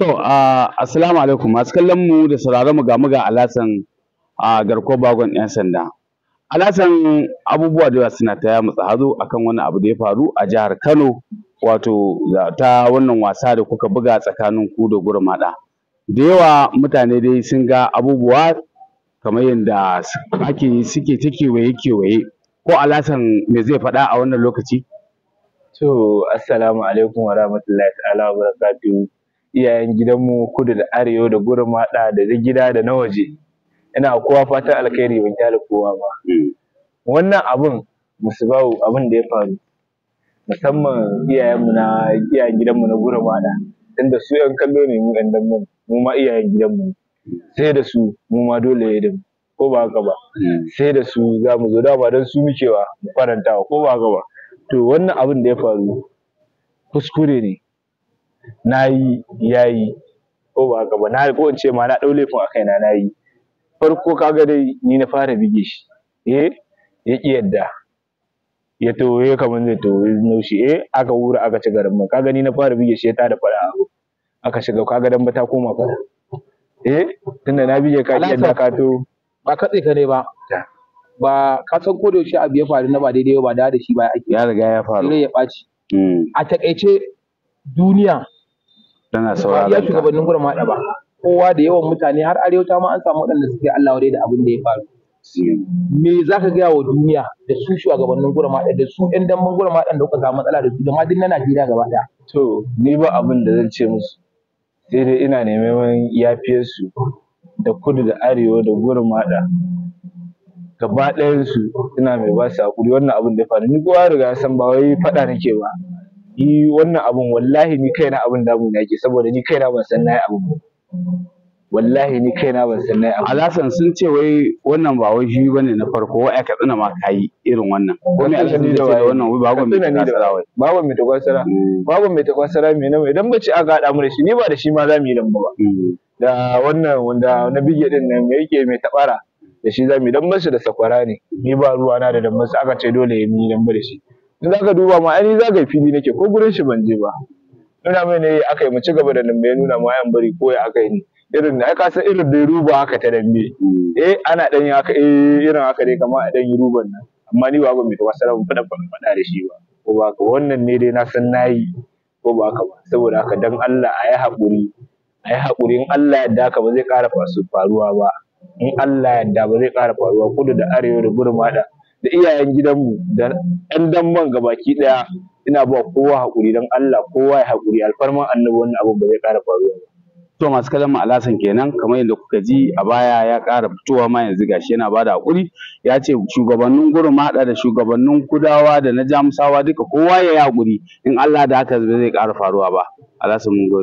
To, assalamu alaikum masu kallon mu da sauraron mu ga muga alasan a garko bagon 'yan sanda. Alasan abubuwa da suna ta mutsa a akan wani abu da ya faru a jihar Kano wato ta wannan wasa da kuka buga tsakanin ku da gurmada. Da yawa mutane dai sun ga abubuwa kamar yadda ake suke ta kewaye kewaye ko alasan me zai faɗa a wannan lokaci? To, assalamu alaikum wa rahmatullahi ta'ala wa iyayen gidanmu kudu da arewa da gurmaɗa da gida da na waje ina kowa fatan alkhairi ban kyale kowa ba hmm. wannan abun bawo abin da ya faru musamman iyayenmu na iyayen gidanmu na da. tunda su yan kallo ne mu yan dambe mu ma iyayen gidanmu sai da su mu ma dole ya da ko ba haka ba hmm. sai da su za mu zo da ba don su muke mu farantawa, ko ba haka ba to wannan abun da ya faru kuskure ne na yi ya yi ko ba haka ba na ko in ce ma na ɗau laifin a kaina na yi farko kaga dai ni na fara bige shi eh ya ƙi yadda ya to ya kaman zai to ya naushi eh aka wura aka ci garin kaga ni na fara bige shi ya tada fara abu aka shiga kaga dan ba ta koma fara eh tunda na bige ka ƙi yadda ka to ba ka tsika ne ba ba ka san ko da yaushe abu ya faru na ba daidai ba da da shi ba ake ya riga ya faru ya ɓaci hmm. a takaice duniya tana sauraron ya shugabannin gurin ma ba kowa da yawan mutane har arewata ma an samu waɗanda suke Allah wadai da abin da ya faru me za ka gaya wa duniya da su shugabannin gurin ma da su ɗan damban gurin ma da kuka samu matsala da su da ma na Najeriya gaba ɗaya to ni ba abin da zan ce musu sai dai ina neman yafiyarsu su da kudu da arewa da gurin maɗa gaba ɗayansu ina mai ba su haƙuri wannan abin da ya faru ni kowa riga ya san ba wai faɗa nake ba ni wannan abun wallahi ni kaina abun damu na yake saboda ni kaina ban san nayi abun wallahi ni kaina ban san nayi abun alasan sun ce wai wannan ba wai shi bane na farko wai aka tsina ma kai irin wannan ko me alasan da wai wannan wai babu mai takwasara wai babu mai takwasara mm. babu mai takwasara me ne mai ba ci aka hada mu da shi ni ba da shi ma za mu yi lamba ba mm. da wannan wanda na bige din nan me yake mai tabara da shi za mu yi dan da sakwara ne ni ba ruwa na da dan aka ce dole ya yi dan da shi in za ka duba ma ka zagaye fili nake ko gurin shi ban je ba nuna mai ne aka yi mu ci gaba da nan ya nuna ma bari ko ya aka yi irin ai ka san irin dai ruba haka ta dambe eh ana dan yi haka eh irin haka dai kamar a dan yi ruban nan amma ni ba ban mai wasa ban fada ban fada da shi ba ko ba ka wannan ne dai na san nayi ko ba ka ba saboda haka dan Allah ayi haƙuri ayi haƙuri in Allah ya yadda haka ba zai ƙara faruwa ba in Allah ya yadda ba zai ƙara faruwa kudu da arewa da gurma da da iyayen gidanmu da ɗan damban gabaki ɗaya ina ba kowa haƙuri don Allah kowa ya haƙuri alfarman annabi wannan abu ba zai ƙara faruwa ba. To masu kalan alasan kenan kamar yadda kuka ji a baya ya ƙara fitowa ma yanzu gashi yana bada haƙuri ya ce shugabannin maɗa da shugabannin kudawa da na jamusawa duka kowa ya yi haƙuri in Allah da haka zai ƙara faruwa ba alasan mun gode.